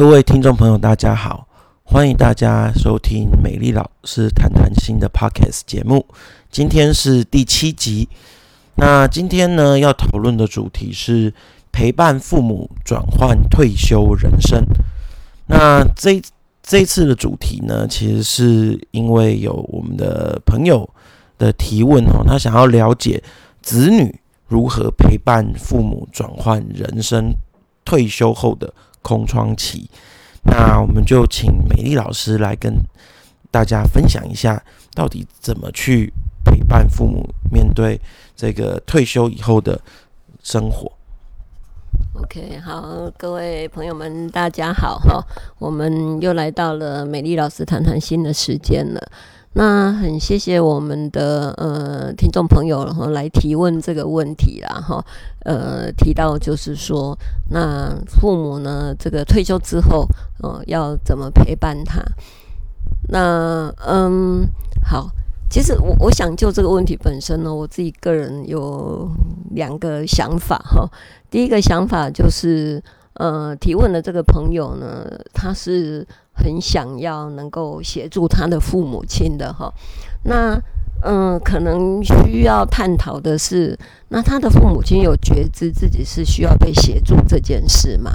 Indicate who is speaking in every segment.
Speaker 1: 各位聽眾朋友，大家好，歡迎大家收聽美麗老師談談心的 podcast 節目。今天是第七集，那今天呢，要討論的主題是陪伴父母轉換退休人生。那這這次的主題呢，其實是因為有我們的朋友的提問哦，他想要了解子女如何陪伴父母轉換人生，退休後的。空窗期，那我們就請美麗老師來跟大家分享一下，到底怎麼去陪伴父母，面對這個退休以後的生活。
Speaker 2: OK，好，各位朋友們，大家好。哦，我們又來到了美麗老師談談心的時間了。那很謝謝我們的呃聽眾朋友，然後來提問這個問題啦哈，呃提到就是說，那父母呢這個退休之後嗯，要怎麼陪伴他？那嗯好，其實我我想就這個問題本身呢，我自己個人有兩個想法哈。第一個想法就是。呃，提問的這個朋友呢，他是很想要能夠協助他的父母親的哈。那嗯，呃，可能需要探討的是，那他的父母親有覺知自己是需要被協助這件事嗎？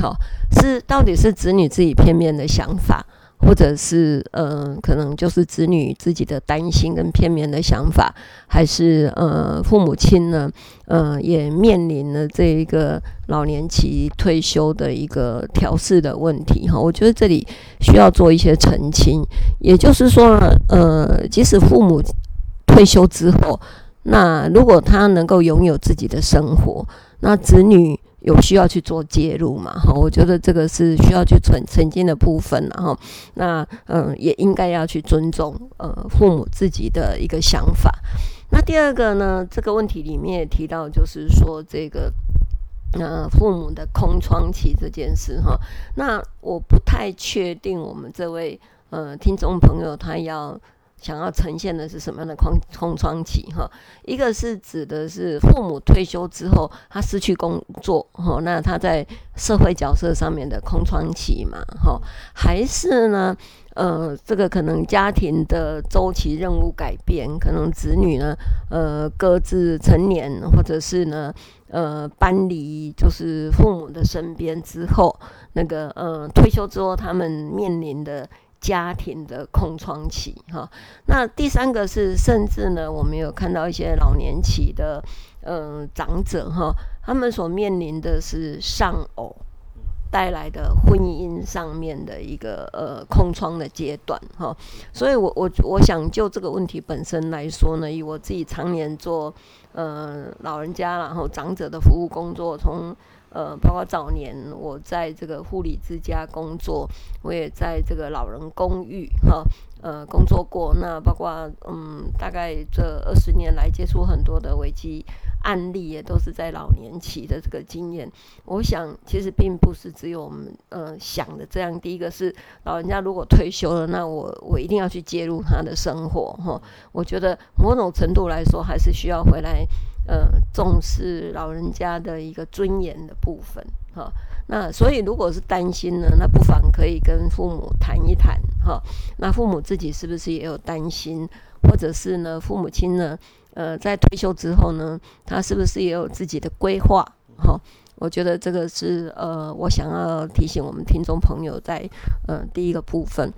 Speaker 2: 好，是到底是子女自己片面的想法。或者是呃，可能就是子女自己的擔心跟片面的想法，還是呃，父母親呢，呃，也面臨了這一個老年期退休的一個調適的問題哈。我覺得這裡需要做一些澄清，也就是說呢，呃，即使父母退休之後，那如果他能夠擁有自己的生活，那子女。有需要去做介入嘛？哈，我覺得這個是需要去存曾經的部分，哈。那嗯、呃，也應該要去尊重呃父母自己的一個想法。那第二個呢，這個問題裡面也提到，就是說這個呃父母的空窗期這件事，哈。那我不太確定我們這位呃聽眾朋友他要。想要呈現的是什麼樣的空空窗期？哈，一個是指的是父母退休之後，他失去工作，哈，那他在社會角色上面的空窗期嘛，哈，還是呢，呃，這個可能家庭的周期任務改變，可能子女呢，呃，各自成年，或者是呢，呃，搬離就是父母的身邊之後，那個呃，退休之後他們面臨的。家庭的空窗期，哈、哦。那第三個是，甚至呢，我們有看到一些老年期的，嗯、呃，長者哈、哦，他們所面臨的是喪偶帶來的婚姻上面的一個呃空窗的階段，哈、哦。所以我，我我我想就這個問題本身來說呢，以我自己常年做，嗯、呃，老人家然後長者的服務工作，從。呃，包括早年我在這個護理之家工作，我也在這個老人公寓哈呃工作過。那包括嗯，大概這二十年來接觸很多的危機案例，也都是在老年期的這個經驗。我想其實並不是只有我們呃想的這樣。第一個是老人家如果退休了，那我我一定要去介入他的生活哈。我覺得某種程度來說，還是需要回來。呃，重視老人家的一個尊嚴的部分哈。那所以，如果是擔心呢，那不妨可以跟父母談一談哈。那父母自己是不是也有擔心，或者是呢，父母親呢，呃，在退休之後呢，他是不是也有自己的規劃哈？我覺得這個是呃，我想要提醒我們聽眾朋友在呃第一個部分。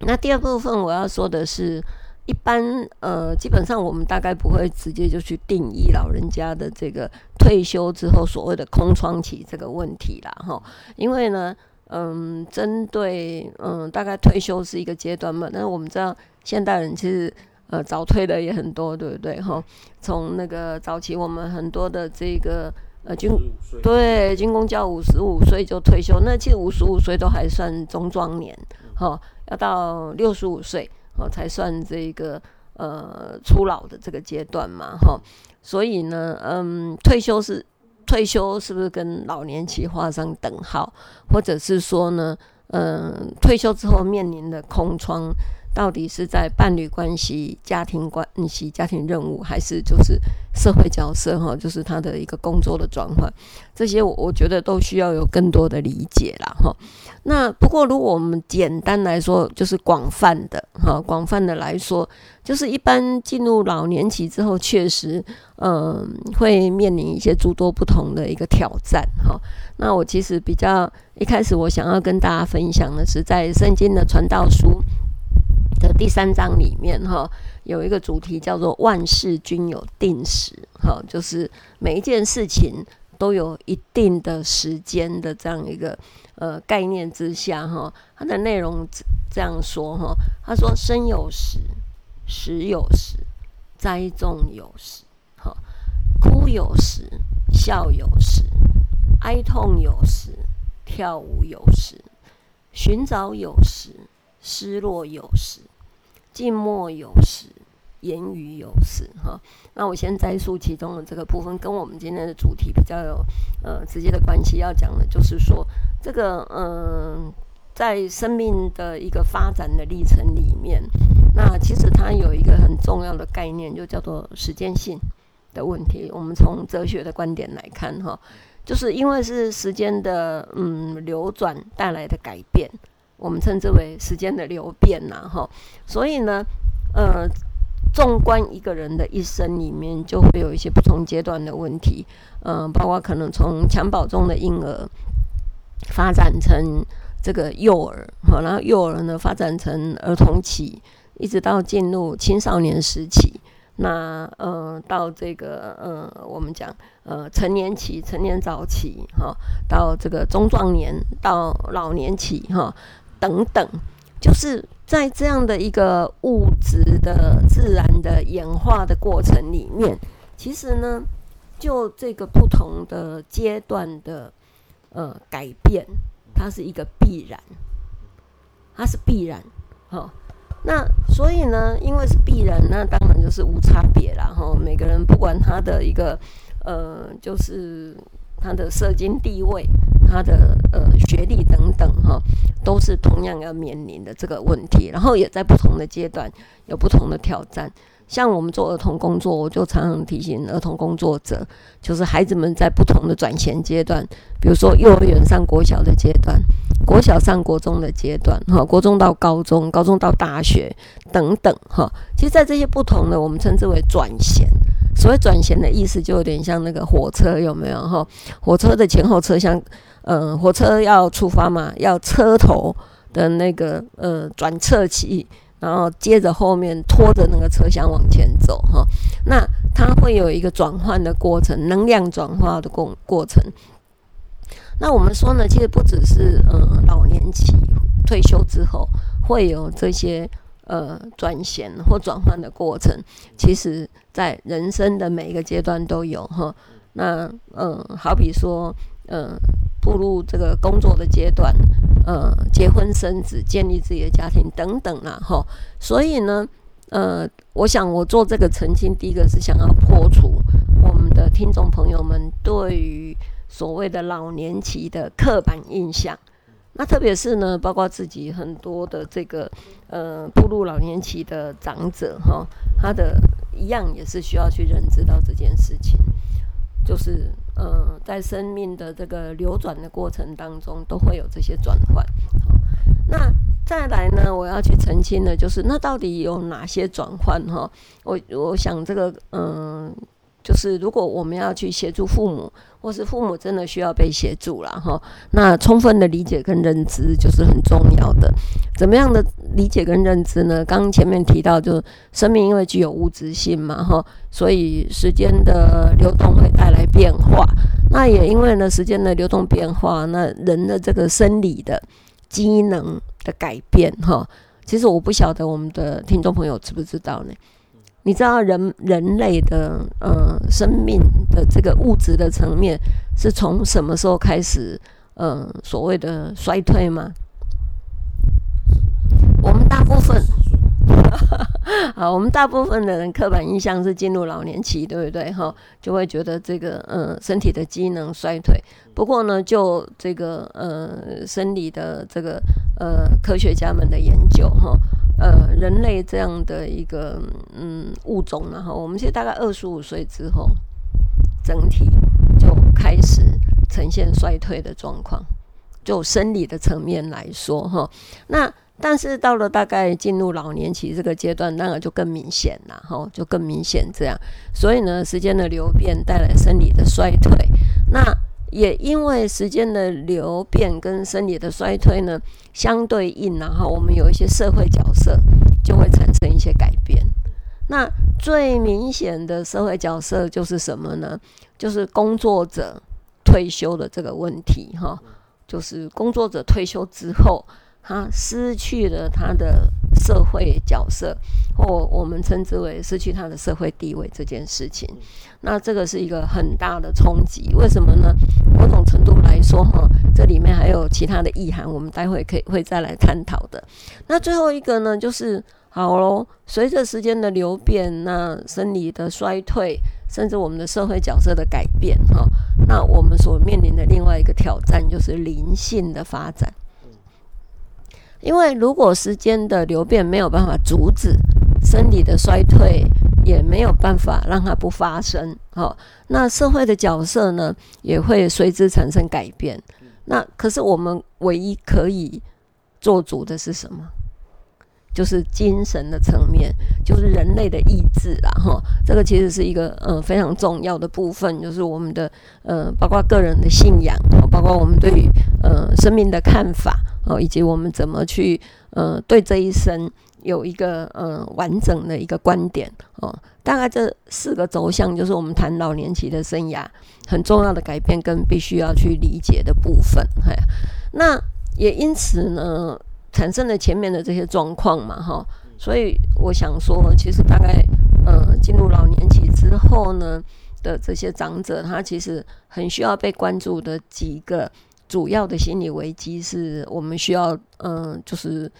Speaker 2: 那第二部分我要說的是。一般呃，基本上我們大概不會直接就去定義老人家的這個退休之後所謂的空窗期這個問題啦，哈，因為呢，嗯，針對嗯，大概退休是一個階段嘛，但我們知道現代人其實呃早退的也很多，對不對？哈，從那個早期我們很多的這個呃軍歲對軍公教五十五歲就退休，那其實五十五歲都還算中壯年，哈，要到六十五歲。哦，才算這個呃初老的這個階段嘛，哈，所以呢，嗯，退休是退休，是不是跟老年期劃上等號，或者是說呢，嗯、呃，退休之後面臨的空窗？到底是在伴侶關係、家庭關係、家庭任務，還是就是社會角色？哈、哦，就是他的一個工作的轉換，這些我，我覺得都需要有更多的理解啦。哈、哦，那不過如果我們簡單來說，就是廣泛的哈、哦，廣泛的來說，就是一般進入老年期之後，確實嗯，會面臨一些諸多不同的一個挑戰。哈、哦，那我其實比較一開始我想要跟大家分享的是，在聖經的傳道書。第三章裡面哈、哦，有一個主題叫做“萬事均有定時”，哈、哦，就是每一件事情都有一定的時間的這樣一個呃概念之下哈、哦，它的內容這樣說哈，他、哦、說：“生有時，死有時；栽種有時，哈、哦；哭有時，笑有時；哀痛有時，跳舞有時；尋找有時，失落有時。”靜默有時，言語有時，哈。那我先摘述其中的這個部分，跟我們今天的主題比較有呃直接的關係。要講的就是說，這個嗯，在生命的一個發展的歷程裡面，那其實它有一個很重要的概念，就叫做時間性的問題。我們從哲學的觀點來看，哈，就是因為是時間的嗯流轉帶來的改變。我們稱之為時間的流變吶、哈，所以呢，呃，縱觀一個人的一生裡面，就會有一些不同階段的問題，嗯、呃，包括可能從襁褓中的嬰兒發展成這個幼兒，哈，然後幼兒呢發展成兒童期，一直到進入青少年時期，那呃，到這個呃，我們講呃成年期、成年早期，哈，到這個中壯年，到老年期，哈。等等，就是在這樣的一個物質的自然的演化的過程裡面，其實呢，就這個不同的階段的呃改變，它是一個必然，它是必然。好，那所以呢，因為是必然，那當然就是無差別了哈。每個人不管他的一個呃，就是他的社經地位。他的呃學歷等等哈，都是同樣要面臨的這個問題，然後也在不同的階段有不同的挑戰。像我們做兒童工作，我就常常提醒兒童工作者，就是孩子們在不同的轉銜階段，比如說幼兒園上國小的階段，國小上國中的階段，哈，國中到高中，高中到大學等等，哈。其實，在這些不同的我們稱之為轉銜，所謂轉銜的意思，就有點像那個火車有沒有哈？火車的前後車廂。像嗯，火車要出發嘛，要車頭的那個呃轉側騎，然後接着後面拖着那個車廂往前走哈。那它會有一個轉換的過程，能量轉化的過過程。那我們說呢，其實不只是嗯老年期退休之後會有這些呃轉銜或轉換的過程，其實在人生的每一個階段都有哈。那嗯，好比說。呃，步入這個工作的階段，呃，結婚生子，建立自己的家庭等等啦，哈。所以呢，呃，我想我做這個澄清，第一個是想要破除我們的聽眾朋友們對於所謂的老年期的刻板印象。那特別是呢，包括自己很多的這個呃，步入老年期的長者哈，他的一樣也是需要去認知到這件事情，就是。嗯、呃，在生命的這個流轉的過程當中，都會有這些轉換哦。那再來呢，我要去澄清的就是，那到底有哪些轉換？哈、哦，我我想這個嗯。就是如果我們要去協助父母，或是父母真的需要被協助了哈，那充分的理解跟認知就是很重要的。怎麼樣的理解跟認知呢？剛剛前面提到的就是，就生命因為具有物質性嘛哈，所以時間的流動會帶來變化。那也因為呢，時間的流動變化，那人的這個生理的機能的改變哈，其實我不曉得我們的聽眾朋友知不知道呢？你知道人人類的呃生命的這個物質的層面是從什麼時候開始呃所謂的衰退嗎？我們大部分啊， 我們大部分的人刻板印象是進入老年期，對不對？哈，就會覺得這個呃身體的機能衰退。不過呢，就這個呃生理的這個呃科學家們的研究，哈。呃，人類這樣的一個嗯物種、啊，然後我們現在大概二十五歲之後，整體就開始呈現衰退的狀況，就生理的層面來說，哈。那但是到了大概進入老年期這個階段，那個就更明顯了，哈，就更明顯這樣。所以呢，時間的流變帶來生理的衰退，那。也因為時間的流變跟生理的衰退呢，相對應，然後我們有一些社會角色就會產生一些改變。那最明顯的社會角色就是什麼呢？就是工作者退休的這個問題，哈，就是工作者退休之後。他失去了他的社會角色，或我們稱之為失去他的社會地位這件事情，那這個是一個很大的衝擊。為什麼呢？某種程度來說，哈，這裡面還有其他的意涵，我們待會可以會再來探討的。那最後一個呢，就是好嘍，隨着時間的流變，那生理的衰退，甚至我們的社會角色的改變，哈、哦，那我們所面臨的另外一個挑戰就是靈性的發展。因為如果時間的流變沒有辦法阻止，生理的衰退也沒有辦法讓它不發生，哈、哦，那社會的角色呢也會隨之產生改變。那可是我們唯一可以做主的是什麼？就是精神的層面，就是人類的意志啦，哈，這個其實是一個呃非常重要的部分，就是我們的呃，包括個人的信仰，包括我們對於呃生命的看法，哦，以及我們怎麼去呃對這一生有一個呃完整的一個觀點，哦，大概這四個軸向就是我們談老年期的生涯很重要的改變跟必須要去理解的部分，嘿，那也因此呢。產生了前面的這些狀況嘛，哈，所以我想說，其實大概，呃，進入老年期之後呢的這些長者，他其實很需要被關注的幾個主要的心理危機，是我們需要，嗯，就是，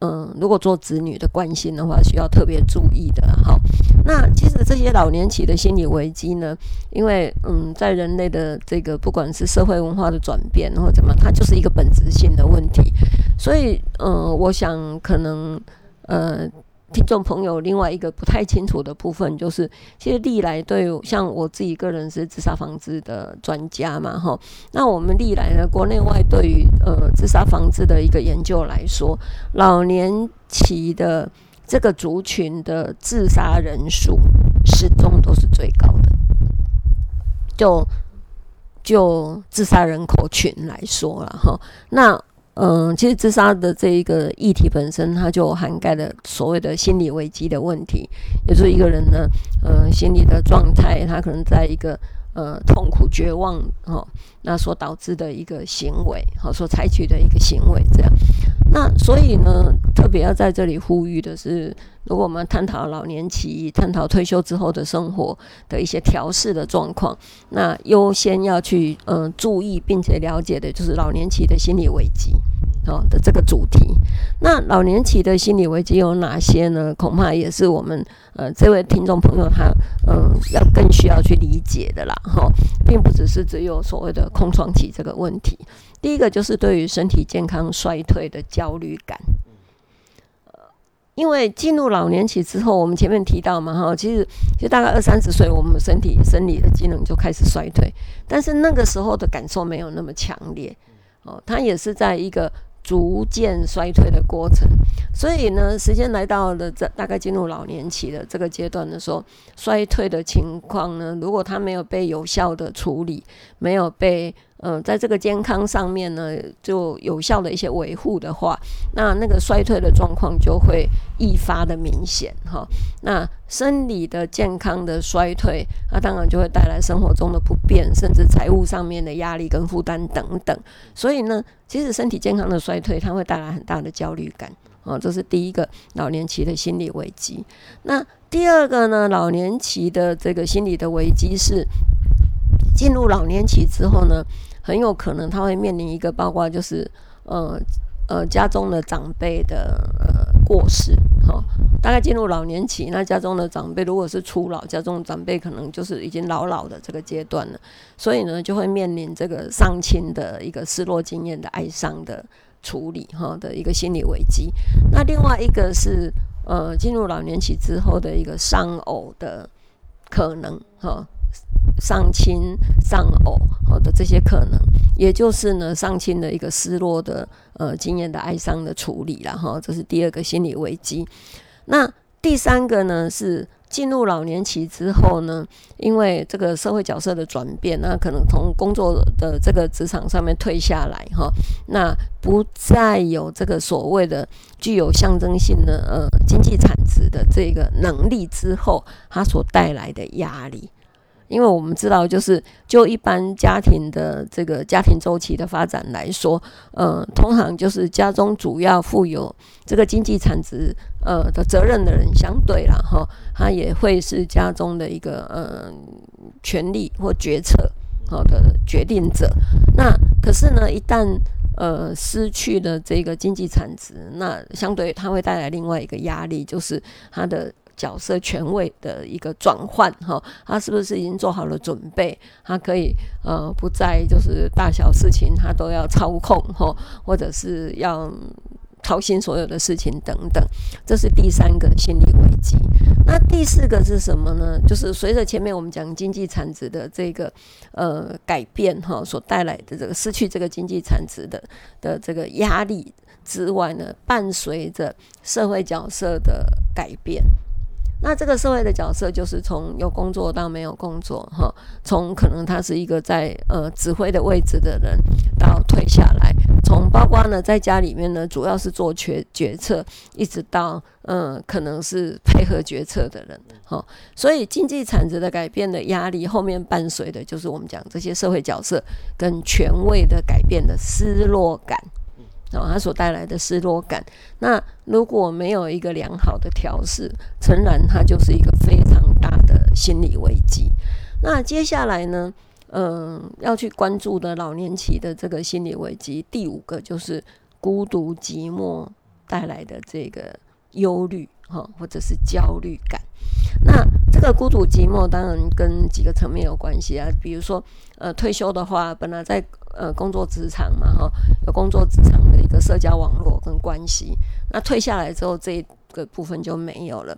Speaker 2: 嗯，如果做子女的關心的話，需要特別注意的，哈。那其實這些老年期的心理危機呢，因為嗯，在人類的這個不管是社會文化的轉變或怎麼，它就是一個本質性的問題。所以嗯，呃，我想可能呃，聽眾朋友另外一個不太清楚的部分就是，其實歷來對像我自己個人是自殺防治的專家嘛，哈。那我們歷來呢，國內外對於呃自殺防治的一個研究來說，老年期的。這個族群的自殺人數始終都是最高的，就就自殺人口群來說了哈。那嗯、呃，其實自殺的這一個議題本身，它就涵蓋了所謂的心理危機的問題，也就是一個人呢，嗯、呃，心理的狀態，他可能在一個。呃，痛苦、絕望，齁，那所導致的一個行為，齁，所採取的一個行為，這樣。那所以呢，特別要在這裡呼籲的是。如果我們探討老年期，探討退休之後的生活的一些調試的狀況，那優先要去嗯、呃、注意並且了解的就是老年期的心理危機，好、哦、的這個主題。那老年期的心理危機有哪些呢？恐怕也是我們呃這位聽眾朋友他嗯、呃、要更需要去理解的啦，哈、哦，並不只是只有所謂的空窗期這個問題。第一個就是對於身體健康衰退的焦慮感。因為進入老年期之後，我們前面提到嘛，哈，其實就大概二三十歲，我們身體生理的機能就開始衰退，但是那個時候的感受沒有那麼強烈，哦，它也是在一個逐漸衰退的過程。所以呢，時間來到了這大概進入老年期的這個階段的時候，衰退的情況呢，如果它沒有被有效的處理，沒有被。嗯、呃，在這個健康上面呢，就有效的一些維護的話，那那個衰退的狀況就會愈發的明顯哈。那生理的健康的衰退，那當然就會帶來生活中的不便，甚至財務上面的壓力跟負擔等等。所以呢，其實身體健康的衰退，它會帶來很大的焦慮感啊，這是第一個老年期的心理危機。那第二個呢，老年期的這個心理的危機是進入老年期之後呢。很有可能他會面臨一個，包括就是呃呃家中的長輩的、呃、過世，哈，大概進入老年期，那家中的長輩如果是初老，家中的長輩可能就是已經老老的這個階段了，所以呢就會面臨這個喪親的一個失落經驗的哀傷的處理哈的一個心理危機。那另外一個是呃進入老年期之後的一個喪偶的可能哈。喪親、喪偶好的這些可能，也就是呢，喪親的一個失落的呃經驗的哀傷的處理了哈，這是第二個心理危機。那第三個呢，是進入老年期之後呢，因為這個社會角色的轉變，那可能從工作的這個職場上面退下來哈，那不再有這個所謂的具有象徵性的呃經濟產值的這個能力之後，它所帶來的壓力。因為我們知道，就是就一般家庭的這個家庭週期的發展來說，呃，通常就是家中主要負有這個經濟產值呃的責任的人，相對啦。哈，他也會是家中的一個嗯、呃、權力或決策好的決定者。那可是呢，一旦呃失去了這個經濟產值，那相對他會帶來另外一個壓力，就是他的。角色權位的一個轉換，哈、哦，他是不是已經做好了準備？他可以呃，不再就是大小事情他都要操控，哈、哦，或者是要操心所有的事情等等。這是第三個心理危機。那第四個是什麼呢？就是隨着前面我們講經濟產值的這個呃改變，哈、哦，所帶來的這個失去這個經濟產值的的這個壓力之外呢，伴隨着社會角色的改變。那這個社會的角色就是從有工作到沒有工作哈，從可能他是一個在呃指揮的位置的人到退下來，從包括呢在家裡面呢主要是做決決策，一直到嗯可能是配合決策的人哈、哦，所以經濟產值的改變的壓力後面伴隨的就是我們講這些社會角色跟權位的改變的失落感。然後、哦、所帶來的失落感，那如果沒有一個良好的調適，誠然它就是一個非常大的心理危機。那接下來呢，嗯、呃，要去關注的老年期的這個心理危機，第五個就是孤獨寂寞帶來的這個憂慮哈，或者是焦慮感。那這個孤獨寂寞，當然跟幾個層面有關係啊，比如說，呃，退休的話，本來在呃工作職場嘛，哈，有工作職場的一個社交網絡跟關係，那退下來之後，這個部分就沒有了。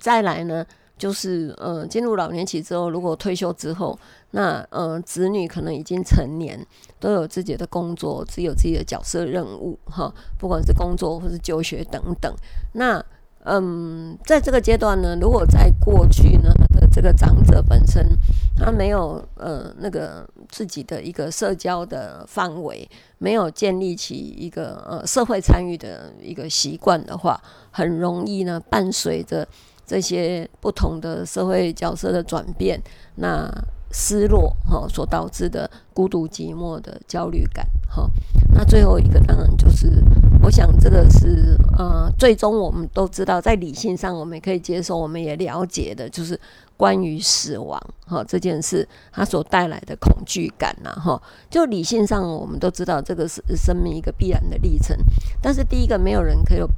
Speaker 2: 再來呢，就是呃進入老年期之後，如果退休之後，那呃子女可能已經成年，都有自己的工作，只有自己的角色任務，哈，不管是工作或是就學等等，那。嗯，在這個階段呢，如果在過去呢的這個長者本身他沒有呃那個自己的一個社交的範圍，沒有建立起一個呃社會參與的一個習慣的話，很容易呢伴隨着這些不同的社會角色的轉變，那失落哈所導致的孤獨寂寞的焦慮感哈，那最後一個當然就是。我想這個是，呃，最終我們都知道，在理性上我們也可以接受，我們也了解的，就是關於死亡哈這件事它所帶來的恐懼感吶、啊，哈。就理性上我們都知道，這個是生命一個必然的歷程。但是第一個，沒有人可以有，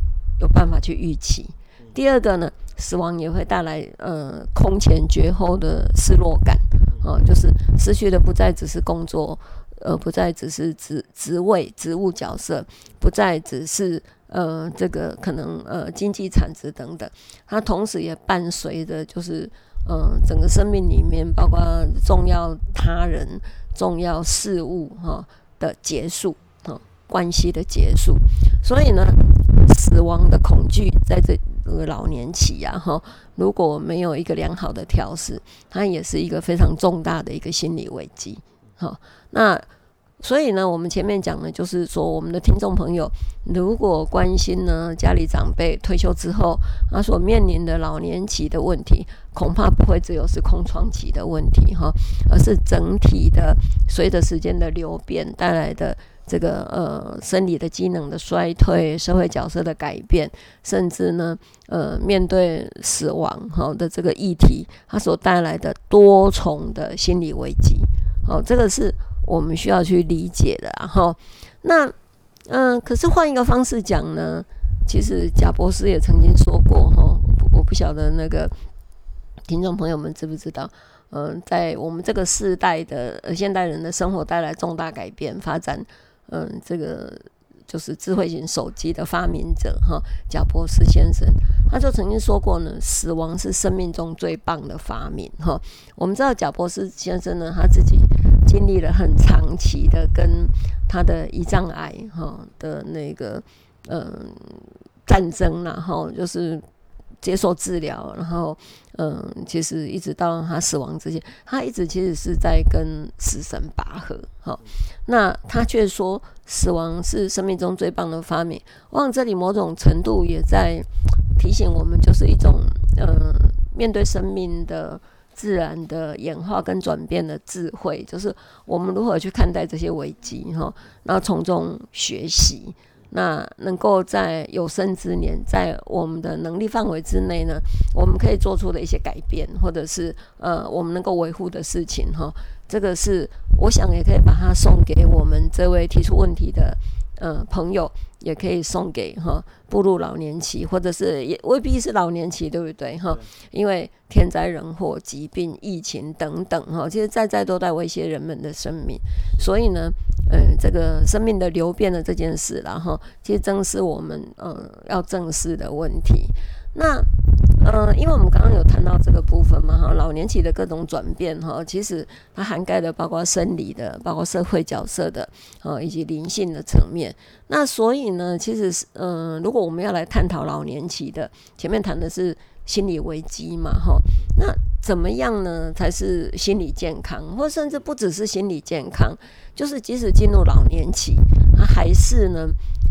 Speaker 2: 有辦法去預期；第二個呢，死亡也會帶來，呃，空前絕後的失落感啊，就是失去的不再只是工作。呃，而不再只是職職位、職務角色，不再只是呃這個可能呃經濟產值等等，它同時也伴隨着就是嗯、呃、整個生命裡面包括重要他人、重要事物哈的結束哈關係的結束，所以呢，死亡的恐懼在這個老年期呀、啊、哈，如果沒有一個良好的調適，它也是一個非常重大的一個心理危機。好、哦，那所以呢，我們前面講的，就是說，我們的聽眾朋友如果關心呢，家裡長輩退休之後，他所面臨的老年期的問題，恐怕不會只有是空窗期的問題哈、哦，而是整體的，隨着時間的流變帶來的這個呃生理的機能的衰退、社會角色的改變，甚至呢呃面對死亡哈、哦、的這個議題，它所帶來的多重的心理危機。哦，這個是我們需要去理解的哈、啊。那嗯，可是換一個方式講呢，其實賈伯斯也曾經說過哈，我不曉得那個聽眾朋友們知不知道，嗯、呃，在我們這個世代的、呃、現代人的生活帶來重大改變，發展嗯、呃，這個就是智慧型手機的發明者哈，賈伯斯先生，他就曾經說過呢，死亡是生命中最棒的發明哈。我們知道賈伯斯先生呢，他自己。經歷了很長期的跟他的胰臟癌哈的那個嗯、呃、戰爭，然後就是接受治療，然後嗯、呃，其實一直到他死亡之前，他一直其實是在跟死神拔河哈。那他卻說死亡是生命中最棒的發明。往這裡某種程度也在提醒我們，就是一種嗯、呃、面對生命的。自然的演化跟轉變的智慧，就是我們如何去看待這些危機哈，然後從中學習，那能夠在有生之年，在我們的能力範圍之內呢，我們可以做出的一些改變，或者是呃，我們能夠維護的事情哈。這個是我想也可以把它送給我們這位提出問題的。呃，朋友也可以送給哈，步入老年期，或者是也未必是老年期，對不對哈？因為天災人禍、疾病、疫情等等哈，其實在在都在威脅人們的生命，所以呢，嗯、呃，這個生命的流變的這件事，然後其實正是我們嗯、呃，要正視的問題。那，嗯、呃，因為我們剛剛有談到這個部分嘛，哈，老年期的各種轉變，哈，其實它涵蓋的包括生理的，包括社會角色的，呃，以及靈性的層面。那所以呢，其實是，嗯、呃，如果我們要來探討老年期的，前面談的是心理危機嘛，哈，那怎麼樣呢？才是心理健康，或甚至不只是心理健康，就是即使進入老年期。它、啊、還是呢，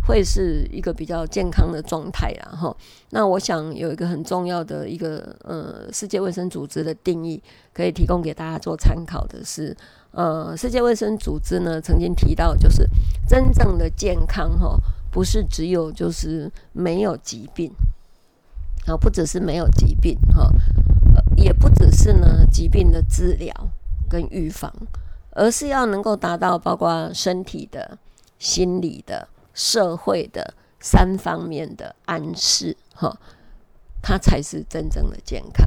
Speaker 2: 會是一個比較健康的狀態，然後那我想有一個很重要的一個呃，世界衛生組織的定義可以提供給大家做參考的是，呃，世界衛生組織呢曾經提到，就是真正的健康哈，不是只有就是沒有疾病，啊，不只是沒有疾病哈，也不只是呢疾病的治療跟預防，而是要能夠達到包括身體的。心理的、社會的三方面的暗示，哈，它，才是真正的健康。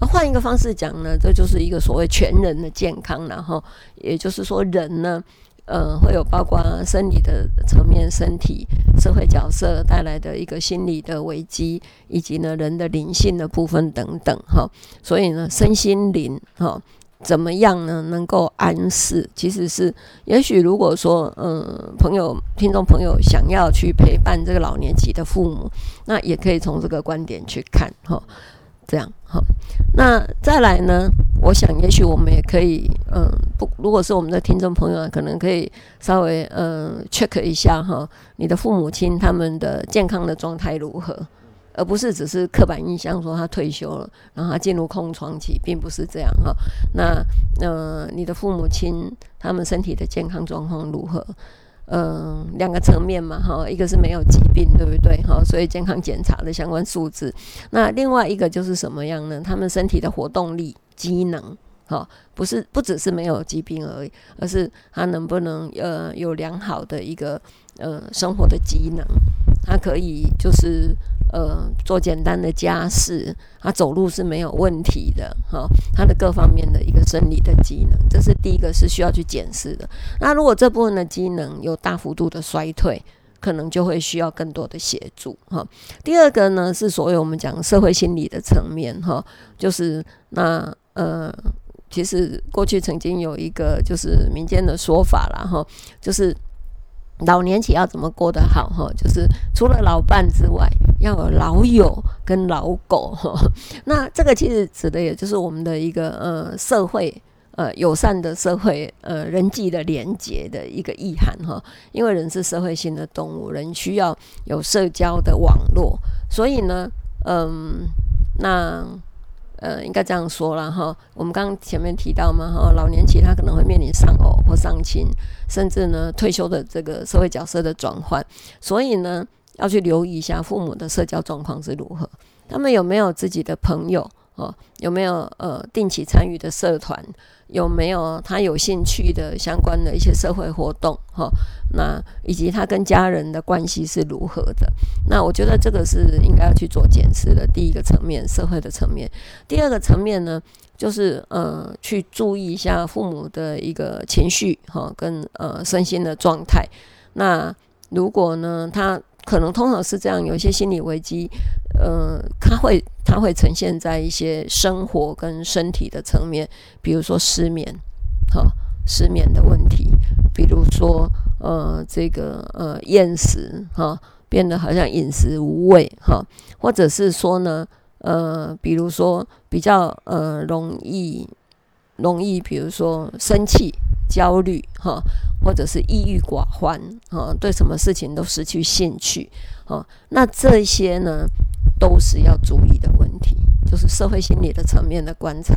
Speaker 2: 而換一個方式講呢，這就是一個所謂全人的健康。然後，也就是說，人呢，呃，會有包括生理的層面、身體、社會角色帶來的一個心理的危機，以及呢，人的靈性的部分等等，哈。所以呢，身心靈，哈。怎麼樣呢？能夠安適，其實是，也許如果說，嗯，朋友、聽眾朋友想要去陪伴這個老年期的父母，那也可以從這個觀點去看，哈，這樣，哈，那再來呢？我想，也許我們也可以，嗯，不，如果是我們的聽眾朋友，可能可以稍微，嗯，check 一下哈，你的父母親他們的健康的狀態如何？而不是只是刻板印象說他退休了，然後他進入空窗期，並不是這樣哈、哦。那嗯、呃，你的父母親他們身體的健康狀況如何？嗯、呃，兩個層面嘛哈、哦，一個是沒有疾病，對不對哈、哦？所以健康檢查的相關數字。那另外一個就是什麼樣呢？他們身體的活動力、機能哈、哦，不是不只是沒有疾病而已，而是他能不能呃有良好的一個呃生活的機能，他可以就是。呃，做簡單的家事，他走路是沒有問題的，哈、哦，他的各方面的一個生理的機能，這是第一個是需要去檢視的。那如果這部分的機能有大幅度的衰退，可能就會需要更多的協助，哈、哦。第二個呢，是所謂我們講社會心理的層面，哈、哦，就是那呃，其實過去曾經有一個就是民間的說法啦哈、哦，就是。老年期要怎麼過得好哈？就是除了老伴之外，要有老友跟老狗哈。那這個其實指的也就是我們的一個呃社會呃友善的社會呃人際的連接的一個意涵哈。因為人是社會性的動物，人需要有社交的網絡，所以呢，嗯、呃，那。呃，應該這樣說了哈。我們剛前面提到嘛哈，老年期他可能會面臨喪偶或喪親，甚至呢退休的這個社會角色的轉換，所以呢要去留意一下父母的社交狀況是如何，他們有沒有自己的朋友。哦，有沒有呃定期參與的社團？有沒有他有興趣的相關的一些社會活動？哈、哦，那以及他跟家人的關係是如何的？那我覺得這個是應該要去做檢視的第一個層面，社會的層面。第二個層面呢，就是呃去注意一下父母的一個情緒哈、哦，跟呃身心的狀態。那如果呢，他可能通常是這樣，有一些心理危機。呃，它會它會呈現在一些生活跟身體的層面，比如說失眠，哈，失眠的問題，比如說呃，這個呃，厭食，哈，變得好像飲食無味，哈，或者是說呢，呃，比如說比較呃，容易容易，比如說生氣、焦慮，哈，或者是抑鬱寡歡，哈，對什麼事情都失去興趣，哈，那這些呢，都是要注意的問題，就是社會心理的層面的觀察。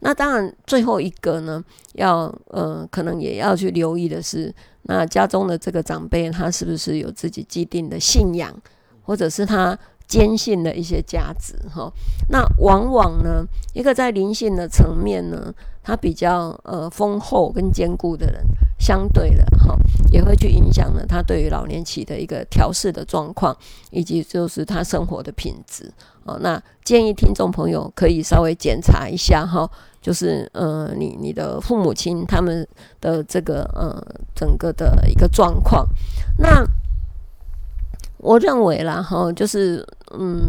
Speaker 2: 那當然，最後一個呢，要呃，可能也要去留意的是，那家中的這個長輩，他是不是有自己既定的信仰，或者是他堅信的一些價值。哈，那往往呢，一個在靈性的層面呢，他比較呃豐厚跟堅固的人。相對的哈、哦，也會去影響了他對於老年期的一個調適的狀況，以及就是他生活的品質哦。那建議聽眾朋友可以稍微檢查一下哈、哦，就是呃，你你的父母親他們的這個呃整個的一個狀況。那我認為啦哈、哦，就是嗯，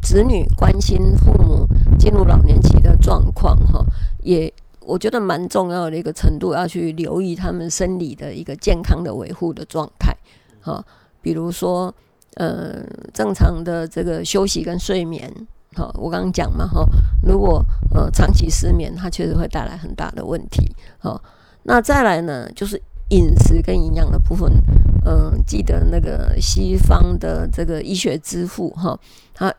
Speaker 2: 子女關心父母進入老年期的狀況哈、哦，也。我覺得蠻重要的一個程度，要去留意他們生理的一個健康的維護的狀態，哈，比如說，嗯、呃，正常的這個休息跟睡眠，哈，我剛剛講嘛，哈，如果呃長期失眠，它確實會帶來很大的問題，哈。那再來呢，就是飲食跟營養的部分，嗯、呃，記得那個西方的這個醫學之父，哈，他。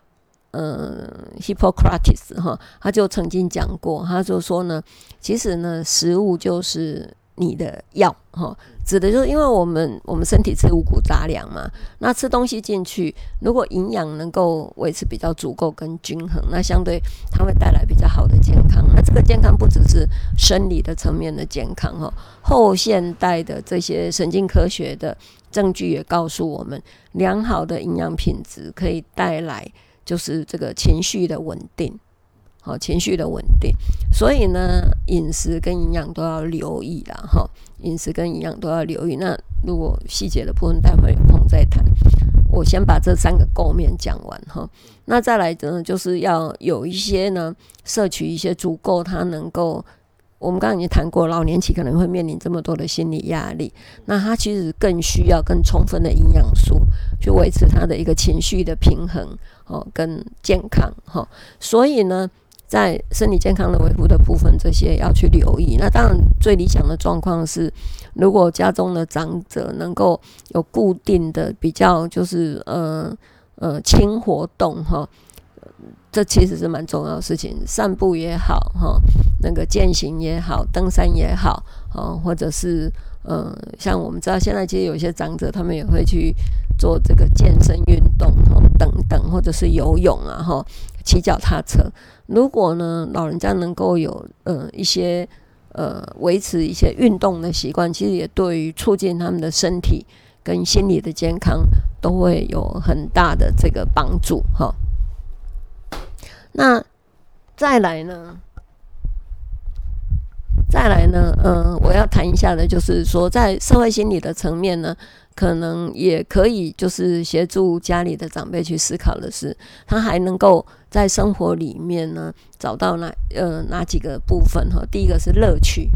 Speaker 2: 呃、嗯，Hippocrates 哈，他就曾經講過，他就說呢，其實呢，食物就是你的藥哈，指的就是因為我們我們身體吃五穀雜糧嘛，那吃東西進去，如果營養能夠維持比較足夠跟均衡，那相對它會帶來比較好的健康。那這個健康不只是生理的層面的健康哈，後現代的這些神經科學的證據也告訴我們，良好的營養品質可以帶來。就是這個情緒的穩定，好情緒的穩定，所以呢，飲食跟營養都要留意了哈。飲食跟營養都要留意。那如果細節的部分，待會有空再談。我先把這三個構面講完哈。那再來呢，就是要有一些呢，攝取一些足夠，他能夠。我們剛剛已經談過，老年期可能會面臨這麼多的心理壓力，那他其實更需要更充分的營養素，去維持他的一個情緒的平衡。哦，跟健康哈、哦，所以呢，在身體健康的維護的部分，這些要去留意。那當然，最理想的狀況是，如果家中的長者能夠有固定的比較，就是呃呃輕活動哈、哦呃，這其實是蠻重要的事情，散步也好哈、哦，那個健行也好，登山也好，哦，或者是。嗯、呃，像我們知道，現在其實有些長者他們也會去做這個健身運動、喔、等等，或者是游泳啊，齁，騎腳踏車。如果呢，老人家能夠有呃一些呃維持一些運動的習慣，其實也對於促進他們的身體跟心理的健康都會有很大的這個幫助哈。那再來呢？再來呢，嗯、呃，我要談一下的，就是說，在社會心理的層面呢，可能也可以就是協助家裡的長輩去思考的是，他還能夠在生活裡面呢找到哪呃哪幾個部分哈。第一個是樂趣，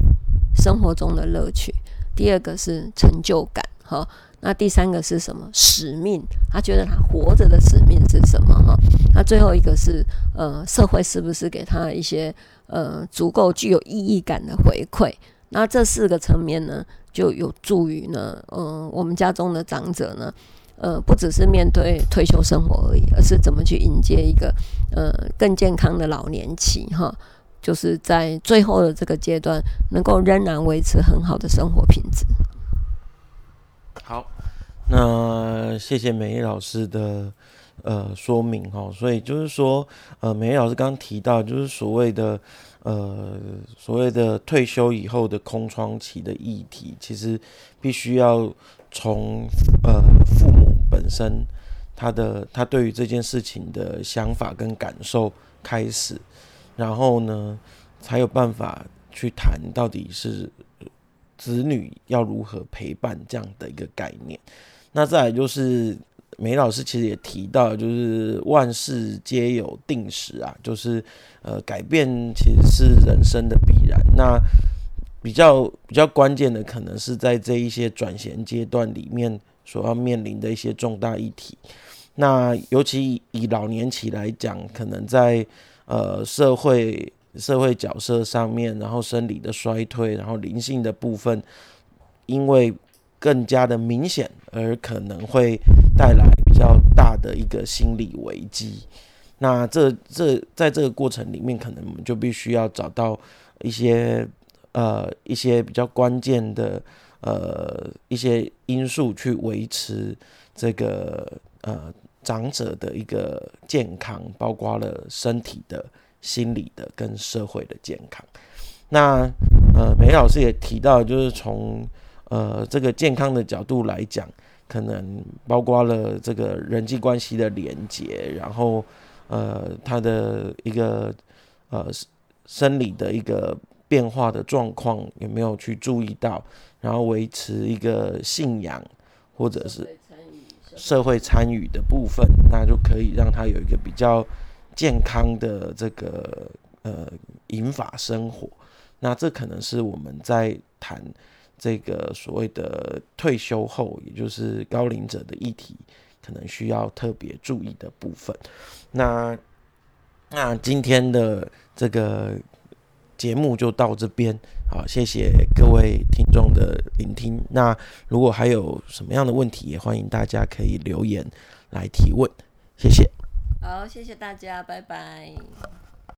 Speaker 2: 生活中的樂趣；第二個是成就感。好，那第三個是什麼使命？他覺得他活着的使命是什麼？哈、哦，那最後一個是呃，社會是不是給他一些呃足夠具有意義感的回饋？那這四個層面呢，就有助於呢，嗯、呃，我們家中的長者呢，呃，不只是面對退休生活而已，而是怎麼去迎接一個呃更健康的老年期？哈、哦，就是在最後的這個階段，能夠仍然維持很好的生活品質。
Speaker 1: 那謝謝美麗老師的呃說明哦、喔，所以就是說呃美麗老師剛剛提到，就是所謂的呃所謂的退休以後的空窗期的議題，其實必須要從呃父母本身他的他對於這件事情的想法跟感受開始，然後呢才有辦法去談到底是子女要如何陪伴這樣的一個概念。那再來就是梅老師其實也提到，就是萬事皆有定時啊，就是呃改變其實是人生的必然。那比較比較關鍵的，可能是在這一些轉銜階段裡面所要面臨的一些重大議題。那尤其以，以老年期來講，可能在呃社會社會角色上面，然後生理的衰退，然後靈性的部分，因為。更加的明顯，而可能會帶來比較大的一個心理危機。那這這在這個過程裡面，可能我們就必須要找到一些呃一些比較關鍵的呃一些因素去維持這個呃長者的一個健康，包括了身體的、心理的跟社會的健康。那呃，美老師也提到，就是從呃，這個健康的角度來講，可能包括了這個人際關係的連接，然後呃，他的一個呃生理的一個變化的狀況有沒有去注意到，然後維持一個信仰或者是社會參與的部分，那就可以讓他有一個比較健康的這個呃銀髮生活。那這可能是我們在談。這個所謂的退休後，也就是高齡者的議題，可能需要特別注意的部分。那那今天的這個節目就到這邊，好，謝謝各位聽眾的聆聽。那如果還有什麼樣的問題，也歡迎大家可以留言來提問。謝謝。
Speaker 2: 好，謝謝大家，拜拜。